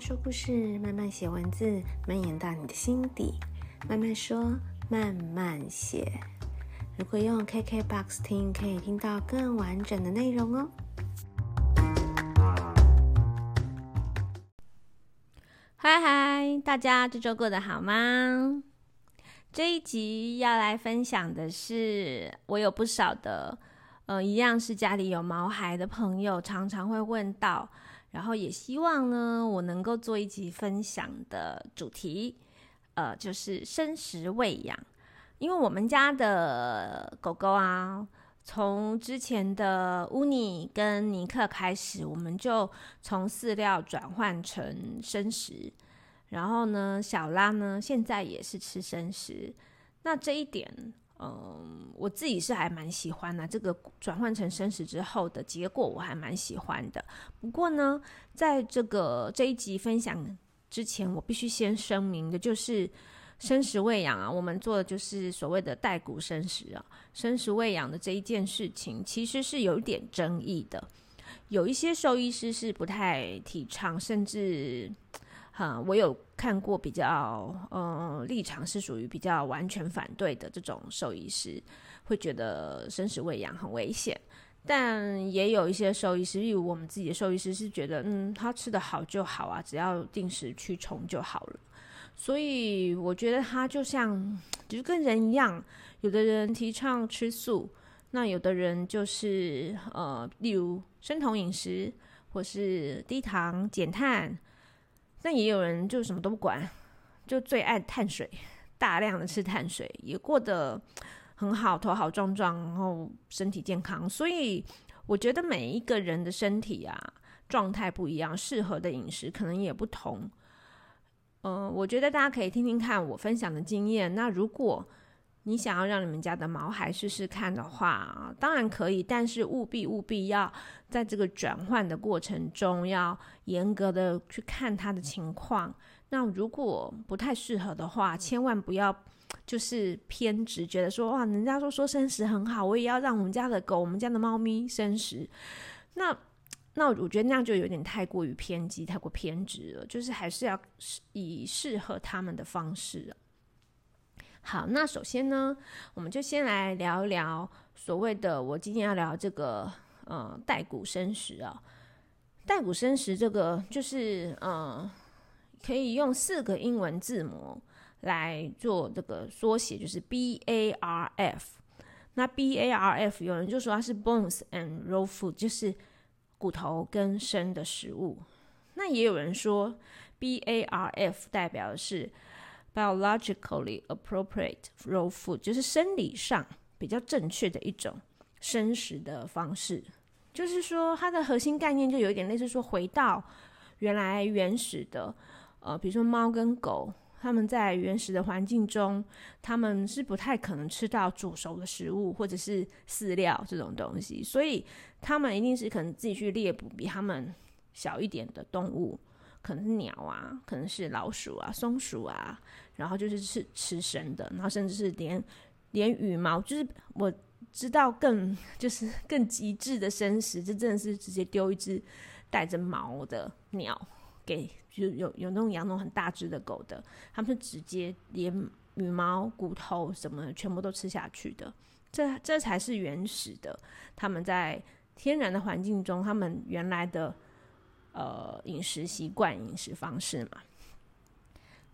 說故事，慢慢寫文字，蔓延到你的心底。慢慢說，慢慢寫。如果用 KK Box 聽，可以聽到更完整的內容哦。嗨嗨，大家這週過得好嗎？這一集要來分享的是，我有不少的，嗯、呃，一樣是家裡有毛孩的朋友，常常會問到。然後也希望呢，我能夠做一集分享的主題，呃，就是生食餵養，因為我們家的狗狗啊，從之前的烏尼跟尼克開始，我們就從飼料轉換成生食，然後呢，小拉呢現在也是吃生食，那這一點。嗯、呃，我自己是還蠻喜歡的，啊，這個轉換成生食之後的結果我還蠻喜歡的。不過呢，在這個這一集分享之前，我必須先聲明的就是，生食餵養啊，我們做的就是所謂的帶骨生食啊，生食餵養的這一件事情其實是有一點爭議的，有一些獸醫師是不太提倡，甚至。啊、嗯，我有看過比較，嗯、呃，立場是屬於比較完全反對的這種獸醫師，會覺得生食餵養很危險，但也有一些獸醫師，例如我們自己的獸醫師，是覺得，嗯，他吃得好就好啊，只要定時驅蟲就好了。所以我覺得他就像，就是、跟人一樣，有的人提倡吃素，那有的人就是，呃，例如生酮飲食或是低糖減碳。那也有人就什麼都不管，就最愛碳水，大量的吃碳水，也過得很好，頭好壯壯，然後身體健康。所以我覺得每一個人的身體啊，狀態不一樣，適合的飲食可能也不同。嗯、呃，我覺得大家可以聽聽看我分享的經驗。那如果你想要讓你們家的毛孩試試看的話當然可以，但是務必務必要在這個轉換的過程中，要嚴格的去看它的情況。那如果不太適合的話，千萬不要就是偏執，覺得說哇，人家都說生食很好，我也要讓我們家的狗、我們家的貓咪生食。那那我覺得那樣就有點太過於偏激，太過偏執了，就是還是要以適合它們的方式好，那首先呢，我們就先來聊一聊所謂的我今天要聊這個呃，帶骨生食啊、哦。帶骨生食這個就是呃，可以用四個英文字母來做這個縮寫，就是 B A R F。那 B A R F 有人就說它是 bones and raw food，就是骨頭跟生的食物。那也有人說 B A R F 代表的是 Biologically appropriate raw food 就是生理上比較正確的一種生食的方式，就是說它的核心概念就有一點類似說回到原來原始的，呃，比如說貓跟狗，他們在原始的環境中，他們是不太可能吃到煮熟的食物或者是飼料這種東西，所以他們一定是可能自己去獵捕比他們小一點的動物。可能是鳥啊，可能是老鼠啊、松鼠啊，然後就是吃吃生的，然後甚至是連連羽毛，就是我知道更就是更極致的生食，這真的是直接丟一隻帶着毛的鳥給，就有有那種養那種很大隻的狗的，他們是直接連羽毛、骨頭什麼全部都吃下去的，這這才是原始的，他們在天然的環境中，他們原來的。呃，飲食習慣、飲食方式嘛，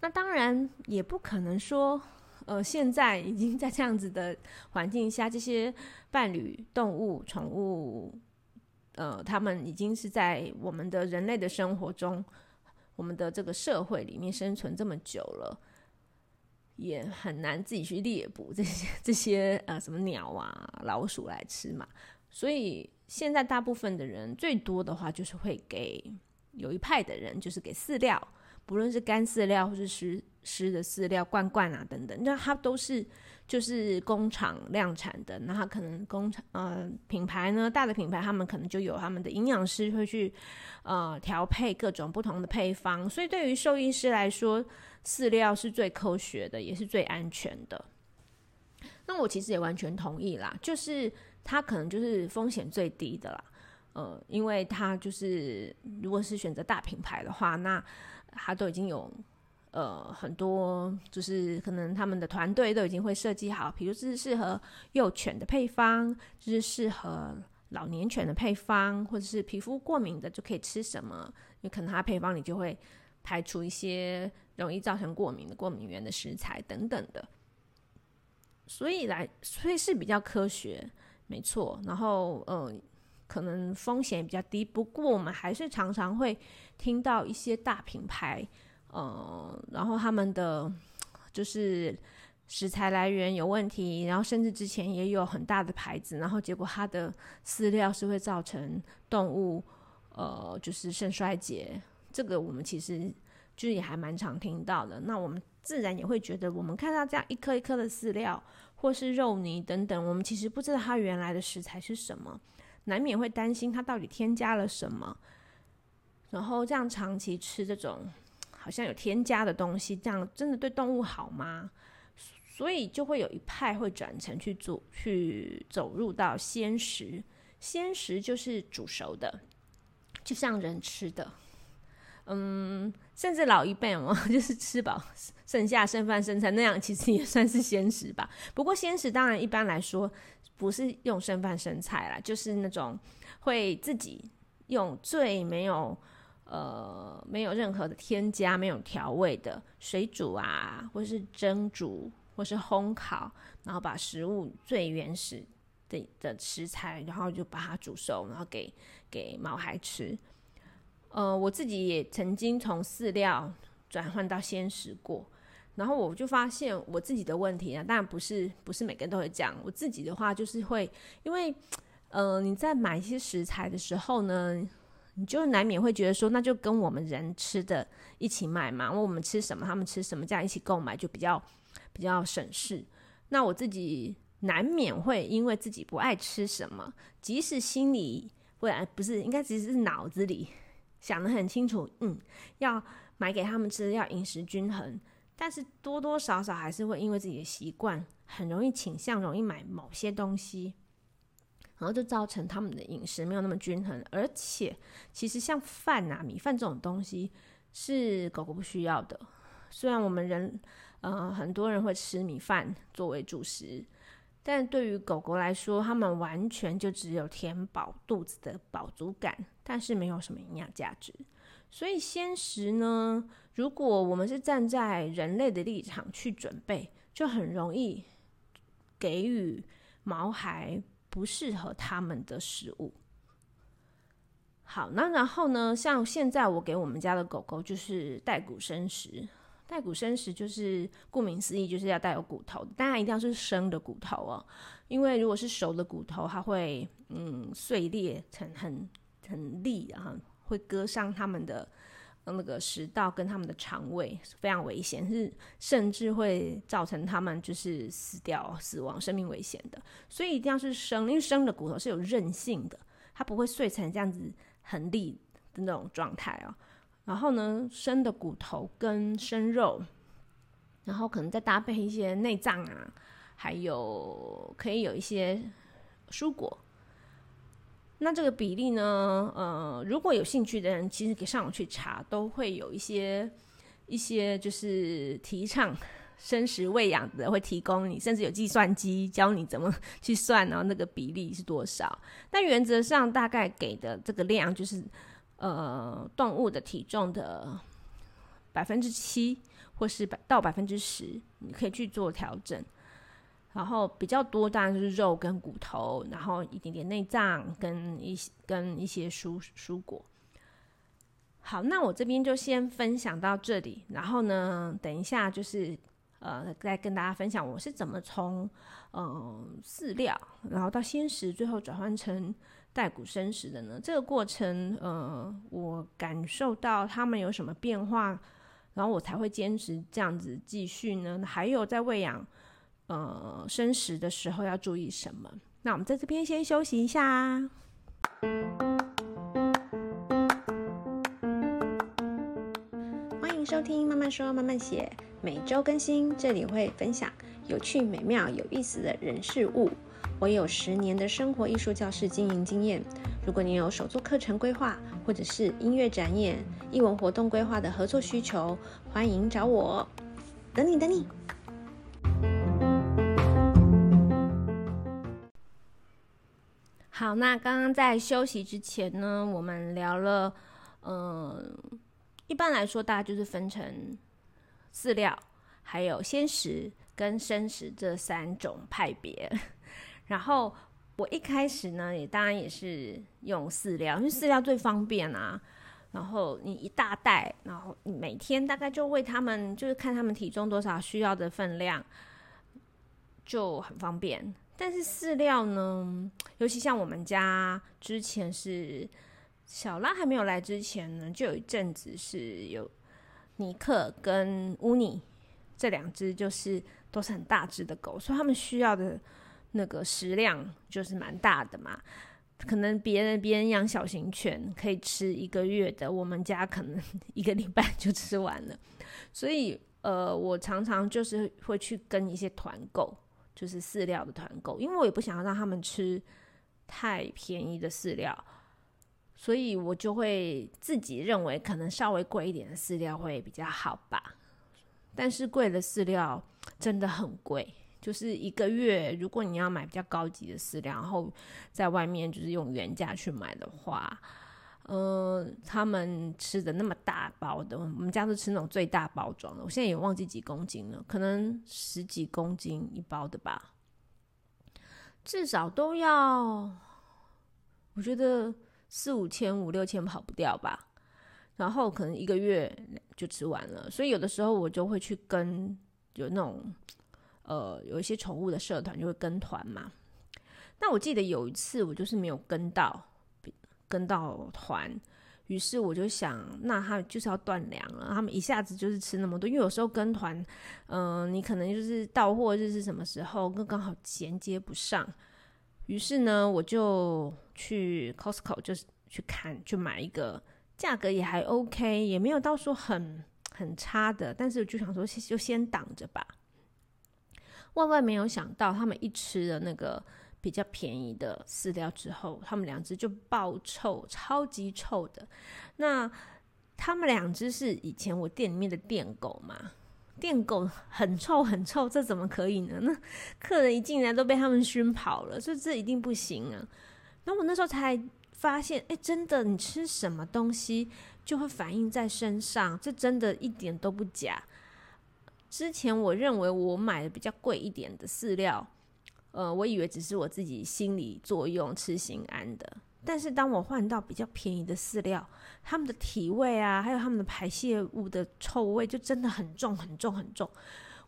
那當然也不可能說，呃，現在已經在這樣子的環境下，這些伴侶動物、寵物，呃，他們已經是在我們的人類的生活中，我們的這個社會裡面生存這麼久了，也很難自己去獵捕這些這些呃什麼鳥啊、老鼠來吃嘛。所以現在大部分的人最多的話，就是會給有一派的人，就是給飼料，不論是乾飼料或是濕濕的飼料罐罐啊等等，那它都是就是工廠量產的，那它可能工廠呃品牌呢，大的品牌，他們可能就有他們的營養師會去呃調配各種不同的配方，所以對於獸醫師來說，飼料是最科學的，也是最安全的。那我其實也完全同意啦，就是。它可能就是風險最低的啦，呃，因為它就是如果是選擇大品牌的話，那它都已經有呃很多，就是可能他們的團隊都已經會設計好，比如是適合幼犬的配方，就是適合老年犬的配方，或者是皮膚過敏的就可以吃什麼，因為可能它配方裡就會排除一些容易造成過敏的過敏原的食材等等的，所以來所以是比較科學。沒錯，然後嗯、呃，可能風險比較低，不過我們還是常常會聽到一些大品牌，嗯、呃，然後他們的就是食材來源有問題，然後甚至之前也有很大的牌子，然後結果它的飼料是會造成動物，呃，就是腎衰竭，這個我們其實就也還蠻常聽到的。那我們自然也會覺得，我們看到這樣一顆一顆的飼料，或是肉泥等等，我們其實不知道它原來的食材是什麼，難免會擔心它到底添加了什麼。然後這樣長期吃這種好像有添加的東西，這樣真的對動物好嗎？所以就會有一派會轉成去做，去走入到鮮食。鮮食就是煮熟的，就像人吃的，嗯。甚至老一輩哦，就是吃飽，剩下剩飯剩菜那樣，其實也算是鮮食吧。不過鮮食當然一般來說不是用剩飯剩菜啦，就是那種會自己用最沒有，呃，沒有任何的添加、沒有調味的水煮啊，或是蒸煮，或是烘烤，然後把食物最原始的的食材，然後就把它煮熟，然後給給毛孩吃。呃，我自己也曾經從飼料轉換到鮮食過，然後我就發現我自己的問題啊，當然不是，不是每個人都會這樣。我自己的話就是會，因為，嗯、呃，你在買一些食材的時候呢，你就難免會覺得說，那就跟我們人吃的一起買嘛，問我們吃什麼，他們吃什麼，這樣一起購買就比較比較省事。那我自己難免會因為自己不愛吃什麼，即使心裡不然、呃、不是，應該其實是腦子裡。講得很清楚，嗯，要買給他們吃，要飲食均衡，但是多多少少還是會因為自己的習慣，很容易傾向容易買某些東西，然後就造成他們的飲食沒有那麼均衡。而且，其實像飯啊、米飯這種東西，是狗狗不需要的。雖然我們人，呃，很多人會吃米飯作為主食。但對於狗狗來說，它們完全就只有填飽肚子的飽足感，但是沒有什麼營養價值。所以鮮食呢，如果我們是站在人類的立場去準備，就很容易給予毛孩不適合他們的食物。好，那然後呢，像現在我給我們家的狗狗就是帶骨生食。帶骨生食就是顧名思義，就是要帶有骨頭，當然一定要是生的骨頭哦，因為如果是熟的骨頭，它會嗯碎裂成很很利，啊，然後會割傷他們的那個食道跟他們的腸胃，非常危險，是甚至會造成他們就是死掉、死亡、生命危險的。所以一定要是生，因為生的骨頭是有韌性的，它不會碎成這樣子很利的那種狀態哦。然後呢，生的骨頭跟生肉，然後可能再搭配一些內臟啊，還有可以有一些蔬果。那這個比例呢，呃，如果有興趣的人，其實可以上網去查，都會有一些一些就是提倡生食餵養的，會提供你，甚至有計算機教你怎麼去算，然後那個比例是多少。但原則上，大概給的這個量就是。呃，動物的體重的百分之七，或是百到百分之十，你可以去做調整。然後比較多當然就是肉跟骨頭，然後一點點內臟跟一些跟一些蔬蔬果。好，那我這邊就先分享到這裡。然後呢，等一下就是呃，再跟大家分享我是怎麼從嗯、呃、飼料，然後到鮮食，最後轉換成。帶骨生食的呢？這個過程，呃，我感受到它們有什麼變化，然後我才會堅持這樣子繼續呢。還有在餵養，呃，生食的時候要注意什麼？那我們在這邊先休息一下啊。歡迎收聽《蔓蔓說，蔓蔓寫》，每周更新，這裡會分享有趣、美妙、有意思的人事物。我有十年的生活藝術教室經營經驗。如果你有手作課程規劃，或者是音樂展演、藝文活動規劃的合作需求，歡迎找我。等你，等你。好，那剛剛在休息之前呢，我們聊了，嗯、呃，一般來說，大家就是分成飼料，還有鮮食跟生食這三種派別。然後我一開始呢，也當然也是用飼料，因為飼料最方便啊。然後你一大袋，然後你每天大概就餵他們，就是看他們體重多少需要的分量，就很方便。但是飼料呢，尤其像我們家之前是小拉還沒有來之前呢，就有一陣子是有尼克跟烏尼這兩隻，就是都是很大隻的狗，所以他們需要的。那個食量就是蠻大的嘛，可能別人別人養小型犬可以吃一個月的，我們家可能一個禮拜就吃完了，所以呃，我常常就是會去跟一些團購，就是飼料的團購，因為我也不想要讓他們吃太便宜的飼料，所以我就會自己認為可能稍微貴一點的飼料會比較好吧，但是貴的飼料真的很貴。就是一個月，如果你要買比較高級的飼料，然後在外面就是用原價去買的話，嗯、呃，他們吃的那麼大包的，我們家都吃那種最大包裝的，我現在也忘記幾公斤了，可能十幾公斤一包的吧，至少都要，我覺得四五千五六千跑不掉吧，然後可能一個月就吃完了，所以有的時候我就會去跟有那種。呃，有一些寵物的社團就會跟團嘛。那我記得有一次，我就是沒有跟到，跟到團，於是我就想，那他就是要斷糧了。他們一下子就是吃那麼多，因為有時候跟團，嗯、呃，你可能就是到貨日是什麼時候，剛剛好銜接不上。於是呢，我就去 Costco 就是去看，去買一個，價格也還 OK，也沒有到說很很差的，但是我就想說先就先擋着吧。萬萬沒有想到，他們一吃了那個比較便宜的飼料之後，他們兩隻就爆臭，超級臭的。那他們兩隻是以前我店裡面的店狗嘛，店狗很臭，很臭，這怎麼可以呢？那客人一進來都被他們燻跑了，所以這一定不行啊。那我那時候才發現，哎，真的，你吃什麼東西就會反應在身上，這真的一點都不假。之前我認為我買的比較貴一點的飼料，呃，我以為只是我自己心理作用吃心安的。但是當我換到比較便宜的飼料，他們的體味啊，還有他們的排泄物的臭味就真的很重，很重，很重。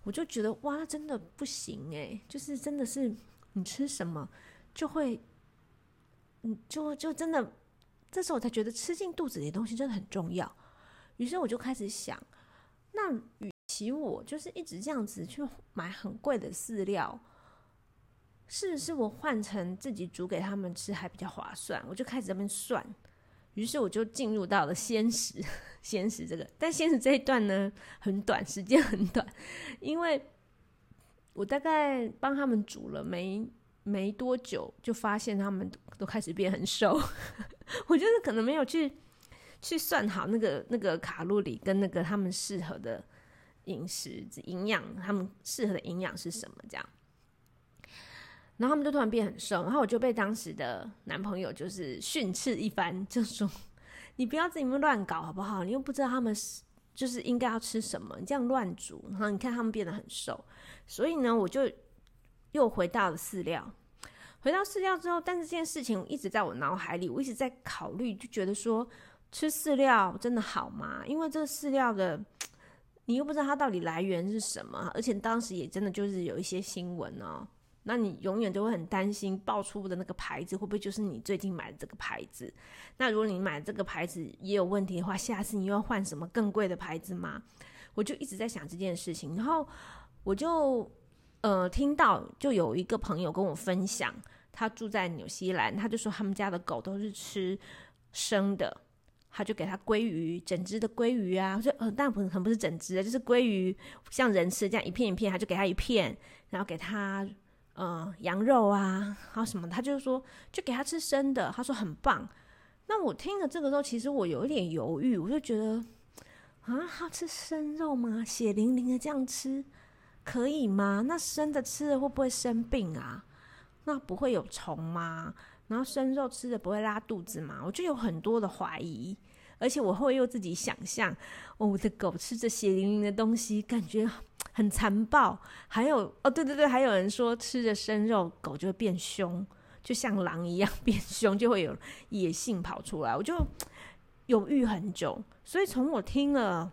我就覺得哇，那真的不行欸，就是真的是你吃什麼就會，嗯，就就真的，這時候我才覺得吃進肚子裡的東西真的很重要。於是我就開始想，那與。其實我就是一直這樣子去買很貴的飼料，是是我換成自己煮給他們吃還比較划算？我就開始這邊算，於是我就進入到了鮮食，鮮食這個，但鮮食這一段呢，很短，時間很短，因為我大概幫他們煮了沒沒多久，就發現他們都都開始變很瘦， 我覺得可能沒有去去算好那個那個卡路里跟那個他們適合的。飲食、營養，他們適合的營養是什麼？這樣，然後他們就突然變很瘦，然後我就被當時的男朋友就是訓斥一番，就說：“你不要自己亂搞好不好？你又不知道他們就是應該要吃什麼，你這樣亂煮，然後你看他們變得很瘦。”所以呢，我就又回到了飼料，回到飼料之後，但是這件事情一直在我腦海裡，我一直在考慮，就覺得說吃飼料真的好嗎？因為這個飼料的。你又不知道它到底來源是什麼，而且當時也真的就是有一些新聞哦，那你永遠都會很擔心爆出的那個牌子會不會就是你最近買的這個牌子？那如果你買這個牌子也有問題的話，下次你又要換什麼更貴的牌子嗎？我就一直在想這件事情，然後我就呃聽到就有一個朋友跟我分享，他住在紐西蘭，他就說他們家的狗都是吃生的。他就給他鮭魚，整只的鮭魚啊，就說不很、呃、不是整只的，就是鮭魚像人吃這樣一片一片，他就給他一片，然後給他呃羊肉啊，然後什麼，他就說就給他吃生的，他說很棒。那我聽了這個時候，其實我有一點猶豫，我就覺得啊，他吃生肉嗎？血淋淋的這樣吃可以嗎？那生的吃了會不會生病啊？那不會有蟲嗎？然後生肉吃的不會拉肚子嗎？我就有很多的懷疑。而且我後來又自己想象哦，我的狗吃着血淋淋的東西，感覺很殘暴。還有哦，對對對，還有人說吃着生肉，狗就會變兇，就像狼一樣變兇，就會有野性跑出來。我就猶豫很久，所以從我聽了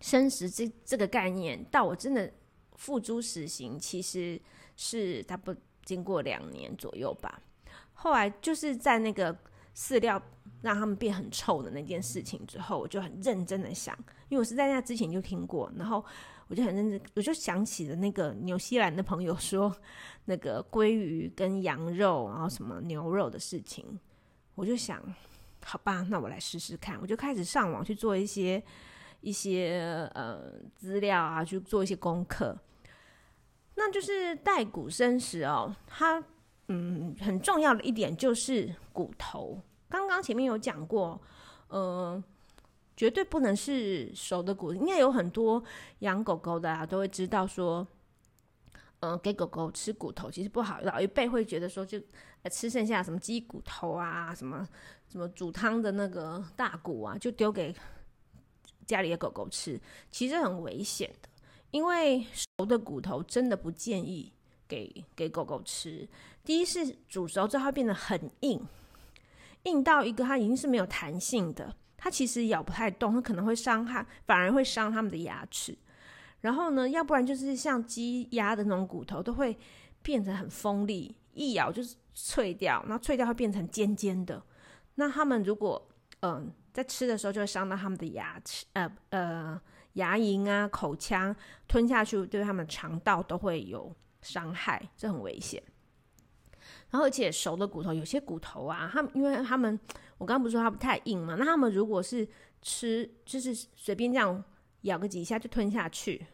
生食這這個概念，到我真的付諸實行，其實是他不經過兩年左右吧。後來就是在那個飼料讓他們變很臭的那件事情之後，我就很認真的想，因為我是在那之前就聽過，然後我就很認真，我就想起了那個紐西蘭的朋友說那個鮭魚跟羊肉，然後什麼牛肉的事情，我就想，好吧，那我來試試看，我就開始上網去做一些一些呃資料啊，去做一些功課。那就是帶骨生食哦，它嗯很重要的一點就是骨頭。剛剛前面有講過，嗯、呃，絕對不能是熟的骨頭。應該有很多養狗狗的，啊、都會知道說，嗯、呃，給狗狗吃骨頭其實不好。老一輩會覺得說就，就、呃、吃剩下什麼雞骨頭啊，什麼什麼煮湯的那個大骨啊，就丟給家裡的狗狗吃，其實很危險的。因為熟的骨頭真的不建議給給狗狗吃。第一是煮熟之後會變得很硬。硬到一個，它已經是沒有彈性的，它其實咬不太動，它可能會傷害，反而會傷他們的牙齒。然後呢，要不然就是像雞鴨的那種骨頭都會變成很鋒利，一咬就是脆掉，然後脆掉會變成尖尖的，那他們如果嗯、呃、在吃的時候就會傷到他們的牙齒，呃呃牙齦啊、口腔，吞下去對他們的腸道都會有傷害，這很危險。然後，而且熟的骨頭，有些骨頭啊，他們因為他們，我剛剛不是說它不太硬嘛，那他們如果是吃，就是隨便這樣咬個幾下就吞下去，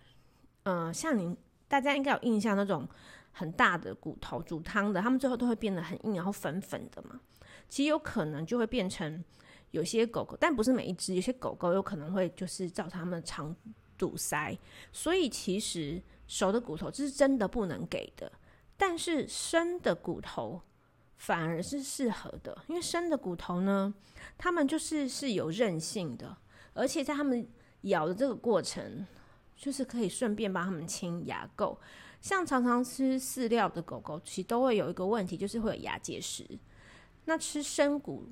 嗯、呃，像你大家應該有印象那種很大的骨頭煮湯的，他們最後都會變得很硬，然後粉粉的嘛。其實有可能就會變成有些狗狗，但不是每一隻，有些狗狗有可能會就是造成它們腸堵塞。所以其實熟的骨頭這是真的不能給的。但是生的骨頭反而是適合的，因為生的骨頭呢，它們就是是有韌性的，而且在它們咬的這個過程，就是可以順便幫它們清牙垢。像常常吃飼料的狗狗，其實都會有一個問題，就是會有牙結石。那吃生骨、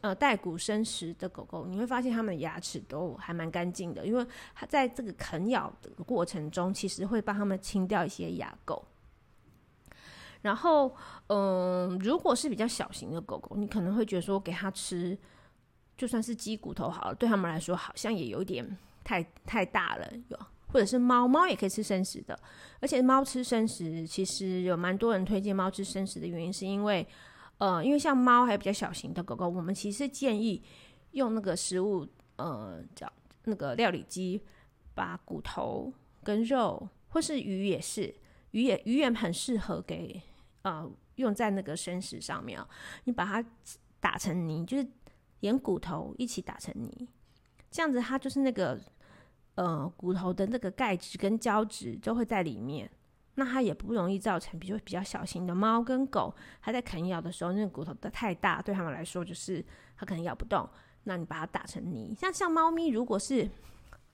呃帶骨生食的狗狗，你會發現它們的牙齒都還蠻乾淨的，因為它在這個啃咬的過程中，其實會幫它們清掉一些牙垢。然後，嗯，如果是比較小型的狗狗，你可能會覺得說給他吃，給它吃就算是雞骨頭好了，對他們來說好像也有點太太大了，有或者是貓，貓也可以吃生食的，而且貓吃生食，其實有蠻多人推薦貓吃生食的原因，是因為，呃，因為像貓還有比較小型的狗狗，我們其實建議用那個食物，呃，叫那個料理機把骨頭跟肉或是魚也是，魚也魚也很適合給。呃，用在那個生食上面啊，你把它打成泥，就是連骨頭一起打成泥，這樣子它就是那個呃骨頭的那個鈣質跟膠質就會在裡面，那它也不容易造成，比如說比較小型的貓跟狗，它在啃咬的時候，那個骨頭的太大，對它們來說就是它可能咬不動，那你把它打成泥，像像貓咪如果是。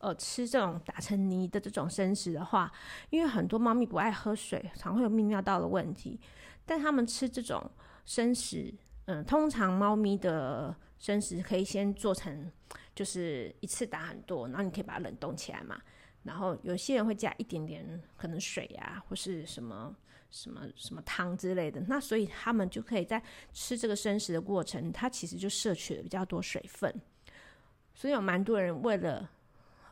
呃，吃這種打成泥的這種生食的話，因為很多貓咪不愛喝水，常會有泌尿道的問題。但他們吃這種生食，嗯，通常貓咪的生食可以先做成，就是一次打很多，然後你可以把它冷凍起來嘛。然後有些人會加一點點可能水啊，或是什麼什麼什麼湯之類的。那所以他們就可以在吃這個生食的過程，它其實就攝取了比較多水分。所以有蠻多人為了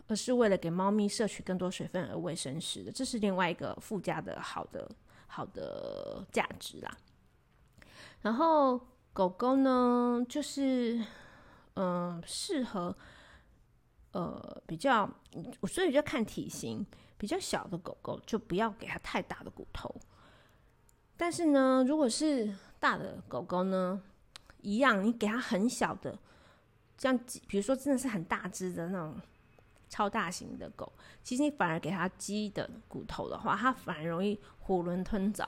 而是為了給貓咪攝取更多水分而餵生食的，這是另外一個附加的好的好的價值啦。然後狗狗呢，就是嗯，適合呃比較，所以就看體型，比較小的狗狗就不要給它太大的骨頭。但是呢，如果是大的狗狗呢，一樣你給它很小的，像比如說真的是很大只的那種。超大型的狗，其實你反而給它雞的骨頭的話，它反而容易囫圇吞棗，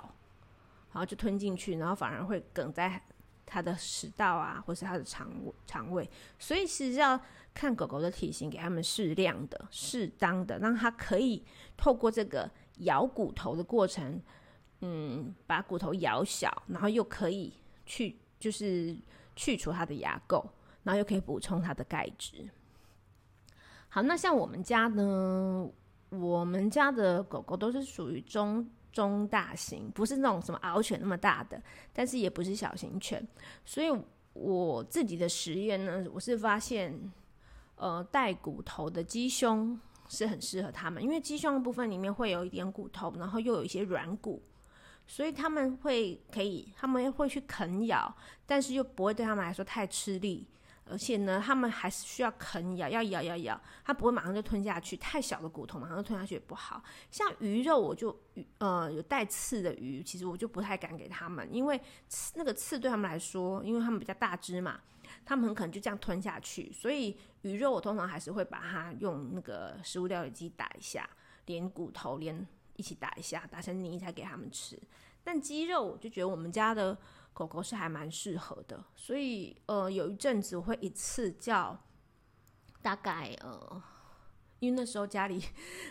然後就吞進去，然後反而會梗在它的食道啊，或是它的腸腸胃。所以其實要看狗狗的體型，給他們適量的、適當的，讓它可以透過這個咬骨頭的過程，嗯，把骨頭咬小，然後又可以去就是去除它的牙垢，然後又可以補充它的鈣質。好，那像我們家呢，我們家的狗狗都是屬於中中大型，不是那種什麼獒犬那麼大的，但是也不是小型犬。所以我自己的實驗呢，我是發現，呃，帶骨頭的雞胸是很適合它們，因為雞胸的部分裡面會有一點骨頭，然後又有一些軟骨，所以他們會可以，他們會去啃咬，但是又不會對他們來說太吃力。而且呢，它們還是需要啃咬，要咬，要咬，咬，咬，它不會馬上就吞下去。太小的骨頭馬上就吞下去也不好。像魚肉，我就呃有帶刺的魚，其實我就不太敢給它們，因為刺那個刺對他們來說，因為他們比較大隻嘛，他們很可能就這樣吞下去。所以魚肉我通常還是會把它用那個食物料理機打一下，連骨頭連一起打一下，打成泥才給他們吃。但雞肉，我就覺得我們家的。狗狗是還蠻適合的，所以呃，有一陣子我會一次叫，大概呃，因為那時候家裡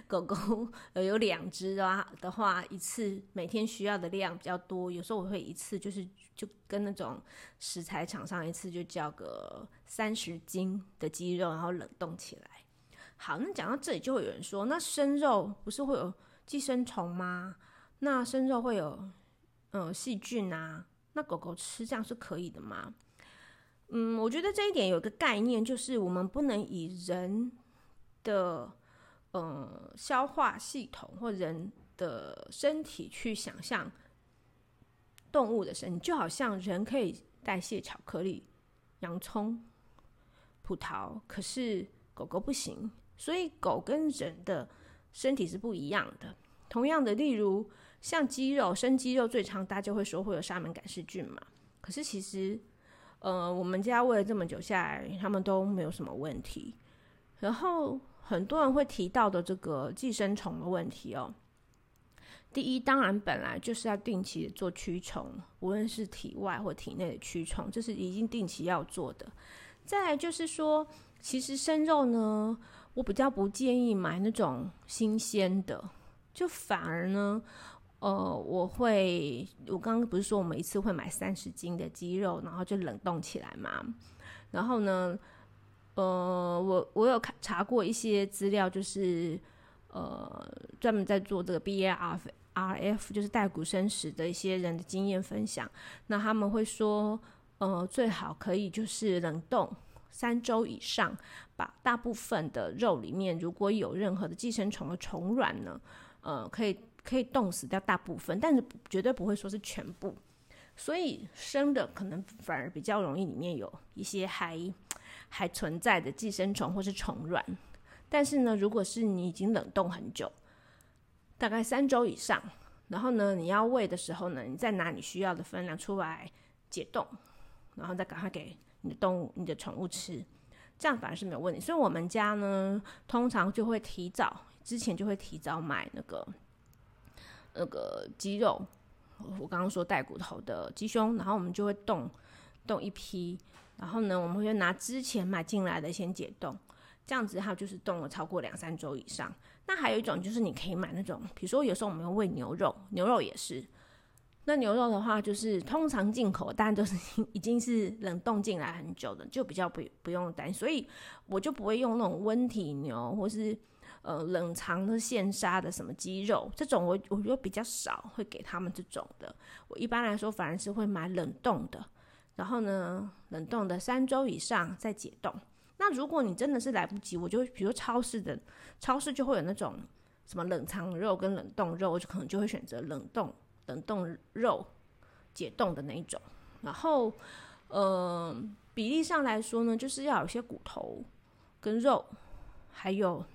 狗狗呃有兩隻啊的話，一次每天需要的量比較多，有時候我會一次就是就跟那種食材廠商一次就叫個三十斤的雞肉，然後冷凍起來。好，那講到這裡就會有人說，那生肉不是會有寄生蟲嗎？那生肉會有呃細菌啊？狗狗吃這樣是可以的嗎？嗯，我覺得這一點有一個概念，就是我們不能以人的嗯、呃、消化系統或人的身體去想象動物的身體。就好像人可以代謝巧克力、洋蔥、葡萄，可是狗狗不行，所以狗跟人的身體是不一樣的。同樣的，例如。像雞肉，生雞肉最常大家就會說會有沙門氏菌嘛，可是其實，呃，我們家餵了這麼久下來，他們都沒有什麼問題。然後很多人會提到的這個寄生蟲的問題哦。第一，當然本來就是要定期做驅蟲，無論是體外或體內的驅蟲，這是已經定期要做的。再來就是說，其實生肉呢，我比較不建議買那種新鮮的，就反而呢。呃，我會，我剛剛不是說我們一次會買三十斤的雞肉，然後就冷凍起來嘛？然後呢，呃，我我有看查過一些資料，就是呃，專門在做這個 BARF，就是帶骨生食的一些人的經驗分享。那他們會說，呃，最好可以就是冷凍三周以上，把大部分的肉裡面如果有任何的寄生蟲的蟲卵呢，呃，可以。可以凍死掉大部分，但是絕對不會說是全部。所以生的可能反而比較容易，裡面有一些還還存在的寄生蟲或是蟲卵。但是呢，如果是你已經冷凍很久，大概三周以上，然後呢，你要餵的時候呢，你再拿你需要的分量出來解凍，然後再趕快給你的動物、你的寵物吃，這樣反而是沒有問題。所以我們家呢，通常就會提早，之前就會提早買那個。那個雞肉，我剛剛說帶骨頭的雞胸，然後我們就會凍凍一批，然後呢，我們會拿之前買進來的先解凍，這樣子它就是凍了超過兩三周以上。那還有一種就是你可以買那種，比如說有時候我們要餵牛肉，牛肉也是。那牛肉的話，就是通常進口，但就是、都是已經是冷凍進來很久的，就比較不不用擔心。所以我就不會用那種溫體牛，或是。呃，冷藏的現殺的什麼雞肉，這種我我就比較少會給他們這種的。我一般來說反而是會買冷凍的，然後呢，冷凍的三週以上再解凍。那如果你真的是來不及，我就比如超市的超市就會有那種什麼冷藏肉跟冷凍肉，我就可能就會選擇冷凍冷凍肉解凍的那一種。然後，呃，比例上來說呢，就是要有些骨頭跟肉，還有。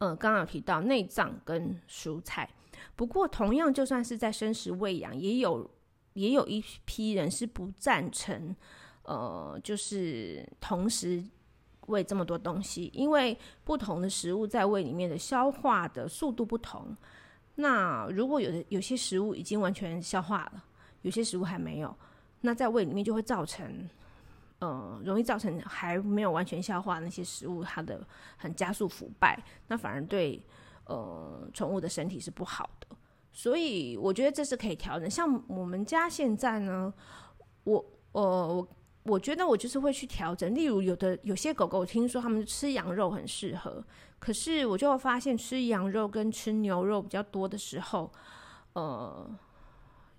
呃，剛剛有提到內臟跟蔬菜，不過同樣，就算是在生食餵養，也有也有一批人是不贊成，呃，就是同時餵這麼多東西，因為不同的食物在胃裡面的消化的速度不同。那如果有的有些食物已經完全消化了，有些食物還沒有，那在胃裡面就會造成。嗯、呃，容易造成還沒有完全消化那些食物，它的很加速腐敗，那反而對呃寵物的身體是不好的，所以我覺得這是可以調整。像我們家現在呢，我呃我我覺得我就是會去調整。例如有的有些狗狗，聽說他們吃羊肉很適合，可是我就會發現吃羊肉跟吃牛肉比較多的時候，呃，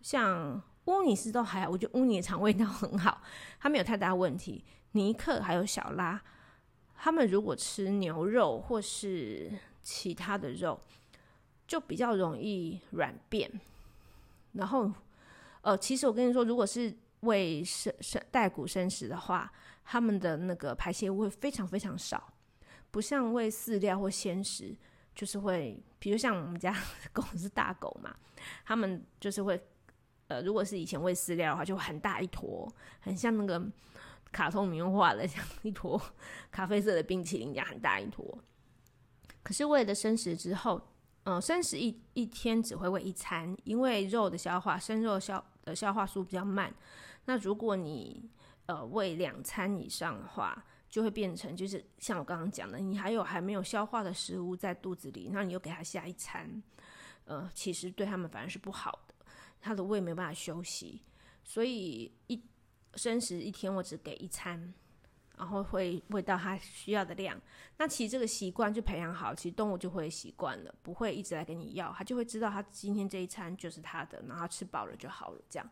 像。烏尼斯都還好，我覺得烏尼的腸胃道很好，它沒有太大問題。尼克還有小拉，他們如果吃牛肉或是其他的肉，就比較容易軟便。然後，呃，其實我跟你說，如果是餵生生帶骨生食的話，他們的那個排泄物會非常非常少，不像餵飼料或鮮食，就是會，比如像我們家狗是大狗嘛，他們就是會。呃，如果是以前餵飼料的話，就很大一坨，很像那個卡通漫畫的，像一坨咖啡色的冰淇淋一樣，很大一坨。可是餵了生食之後，嗯、呃，生食一一天只會餵一餐，因為肉的消化，生肉消的消，呃，消化速比較慢。那如果你呃餵兩餐以上的話，就會變成就是像我剛剛講的，你還有還沒有消化的食物在肚子裡，那你又給它下一餐，呃，其實對他們反而是不好的。他的胃沒辦法休息，所以一生食一天我只給一餐，然後會餵到他需要的量。那其實這個習慣就培養好，其實動物就會習慣了，不會一直來跟你要，它就會知道它今天這一餐就是它的，然後吃飽了就好了這樣。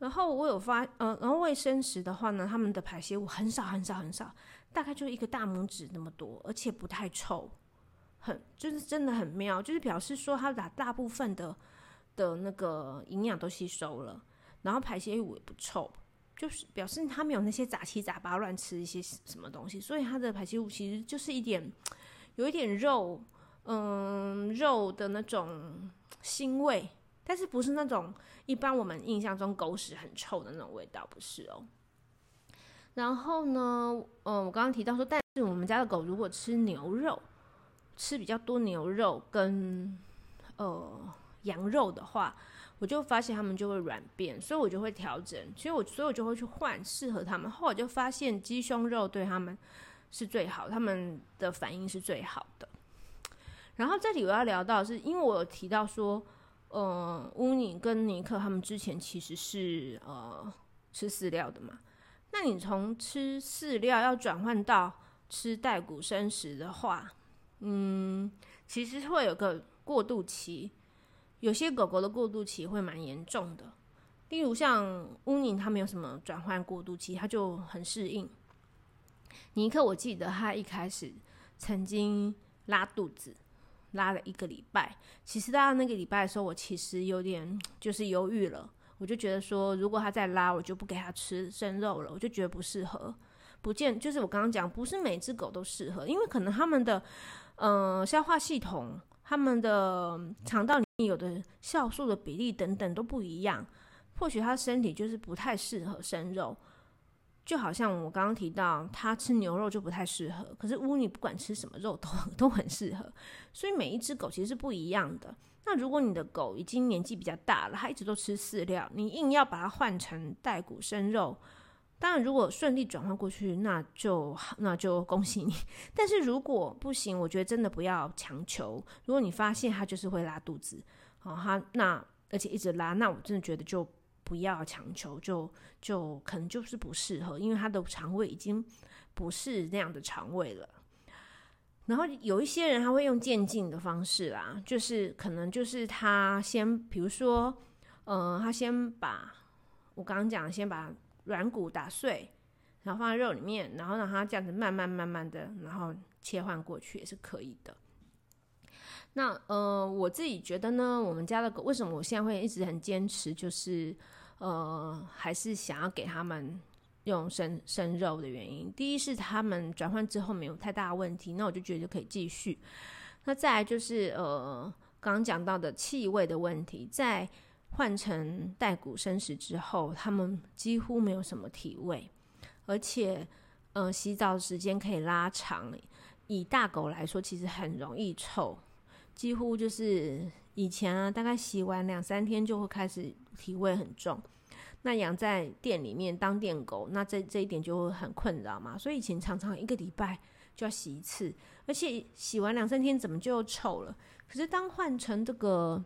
然後我有發，嗯、呃，然後餵生食的話呢，他們的排泄物很少很少很少，大概就是一個大拇指那麼多，而且不太臭，很就是真的很妙，就是表示說他把大部分的。的那個營養都吸收了，然後排泄物也不臭，就是表示它沒有那些雜七雜八亂吃一些什麼東西，所以它的排泄物其實就是一點，有一點肉，嗯，肉的那種腥味，但是不是那種一般我們印象中狗屎很臭的那種味道，不是哦。然後呢，嗯、呃，我剛剛提到說，但是我們家的狗如果吃牛肉，吃比較多牛肉跟，呃。羊肉的話，我就發現他們就會軟便，所以我就會調整，所以我所以我就會去換適合他們。後來就發現雞胸肉對他們是最好，他們的反應是最好的。然後這裡我要聊到是，是因為我有提到說，嗯、呃，烏尼跟尼克他們之前其實是呃吃飼料的嘛，那你從吃飼料要轉換到吃帶骨生食的話，嗯，其實會有個過渡期。有些狗狗的過渡期會蠻嚴重的，例如像烏寧它沒有什麼轉換過渡期，它就很適應。尼克，我記得他一開始曾經拉肚子，拉了一個禮拜。其實到那個禮拜的時候，我其實有點就是猶豫了，我就覺得說，如果他再拉，我就不給他吃生肉了，我就覺得不適合，不見。就是我剛剛講，不是每隻狗都適合，因為可能他們的嗯、呃、消化系統、他們的腸道。有的酵素的比例等等都不一樣，或許他身體就是不太適合生肉，就好像我剛剛提到，他吃牛肉就不太適合，可是屋你不管吃什麼肉都都很適合，所以每一隻狗其實是不一樣的。那如果你的狗已經年紀比較大了，它一直都吃飼料，你硬要把它換成帶骨生肉。當然，如果順利轉換過去，那就那就恭喜你。但是如果不行，我覺得真的不要強求。如果你發現他就是會拉肚子，哦，他那而且一直拉，那我真的覺得就不要強求，就就可能就是不適合，因為他的腸胃已經不是那樣的腸胃了。然後有一些人他會用漸進的方式啦，就是可能就是他先，比如說，嗯、呃，他先把我剛剛講的，先把。軟骨打碎，然後放在肉裡面，然後讓它這樣子慢慢慢慢的，然後切換過去也是可以的。那呃，我自己覺得呢，我們家的狗為什麼我現在會一直很堅持，就是呃，還是想要給他們用生生肉的原因。第一是他們轉換之後沒有太大的問題，那我就覺得就可以繼續。那再來就是呃，剛剛講到的氣味的問題，在換成帶骨生食之後，他們幾乎沒有什麼體味，而且，呃，洗澡時間可以拉長。以大狗來說，其實很容易臭，幾乎就是以前啊，大概洗完兩三天就會開始體味很重。那養在店裡面當店狗，那這這一點就會很困擾嘛。所以以前常常一個禮拜就要洗一次，而且洗完兩三天怎麼就臭了？可是當換成這個。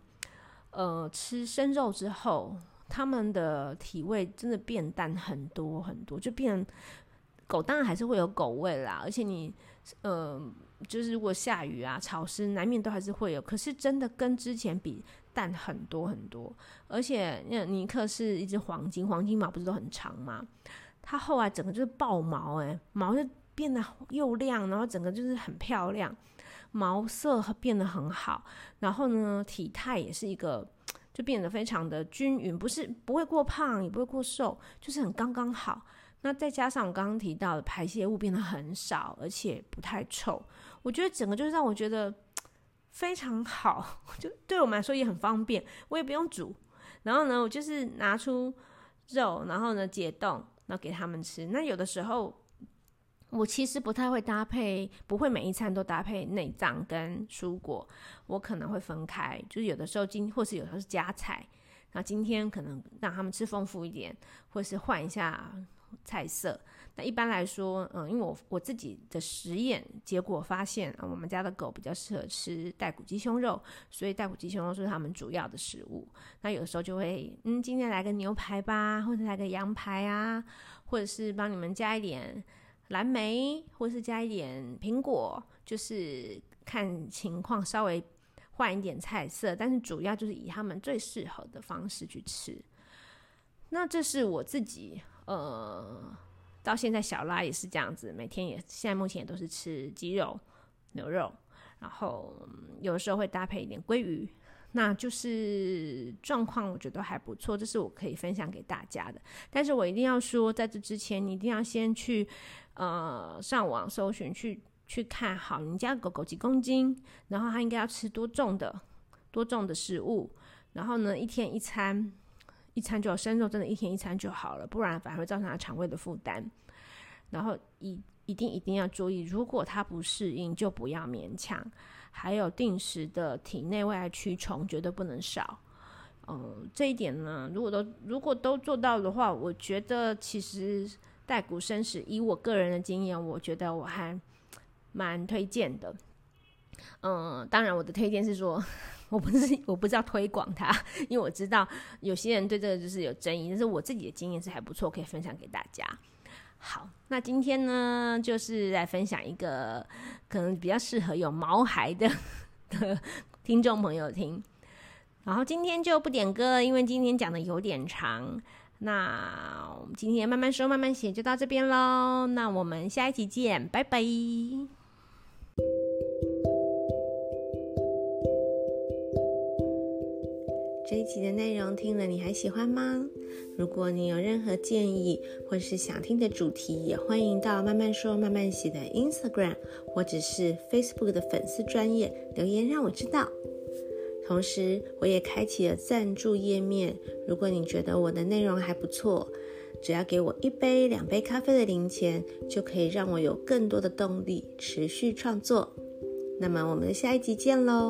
呃，吃生肉之後，他們的體味真的變淡很多很多，就變狗當然還是會有狗味啦。而且你，嗯、呃，就是如果下雨啊、潮濕，難免都還是會有。可是真的跟之前比淡很多很多，而且那尼克是一隻黃金，黃金毛不是都很長嗎？它後來整個就是爆毛、欸，誒，毛就變得又亮，然後整個就是很漂亮。毛色變得很好，然後呢，體態也是一個，就變得非常的均勻，不是，不會過胖，也不會過瘦，就是很剛剛好。那再加上我剛剛提到的排泄物變得很少，而且不太臭，我覺得整個就是讓我覺得非常好，就對我們來說也很方便，我也不用煮。然後呢，我就是拿出肉，然後呢，解凍，然後給他們吃。那有的時候。我其實不太會搭配，不會每一餐都搭配內臟跟蔬果，我可能會分開，就是有的時候今，或是有的時候是加菜，那今天可能讓他們吃豐富一點，或是換一下菜色。那一般來說，嗯，因為我我自己的實驗結果發現，我們家的狗比較適合吃帶骨雞胸肉，所以帶骨雞胸肉是他們主要的食物。那有的時候就會，嗯，今天來個牛排吧，或者來個羊排啊，或者是幫你們加一點。藍莓，或是加一點蘋果，就是看情況稍微換一點菜色，但是主要就是以他們最適合的方式去吃。那這是我自己，呃，到現在小拉也是這樣子，每天也現在目前也都是吃雞肉、牛肉，然後有時候會搭配一點鮭魚，那就是狀況我覺得都還不錯，這是我可以分享給大家的。但是我一定要說，在這之前你一定要先去。呃，上網搜尋去去看好人家狗狗幾公斤，然後它應該要吃多重的多重的食物，然後呢，一天一餐，一餐就要生肉，真的一天一餐就好了，不然反而會造成它腸胃的負擔。然後一一定一定要注意，如果它不適應，就不要勉強。還有定時的體內外驅蟲絕對不能少。嗯、呃，這一點呢，如果都如果都做到的話，我覺得其實。帶骨生食，以我個人的經驗，我覺得我還蠻推薦的。嗯，當然我的推薦是說，我不是我不知道推廣它，因為我知道有些人對這個就是有爭議，但是我自己的經驗是還不錯，可以分享給大家。好，那今天呢，就是來分享一個可能比較適合有毛孩的 的聽眾朋友聽。然後今天就不點歌，因為今天講的有點長。那我們今天慢慢說、慢慢寫，就到這邊嘍。那我們下一集見，拜拜！這一集的內容聽了你還喜歡嗎？如果你有任何建議或是想聽的主題，也歡迎到慢慢說、慢慢寫的 Instagram 或者是 Facebook 的粉絲專業留言讓我知道。同時，我也開啟了贊助頁面。如果你覺得我的內容還不錯，只要給我一杯、兩杯咖啡的零錢，就可以讓我有更多的動力持續創作。那麼，我們下一集見嘍！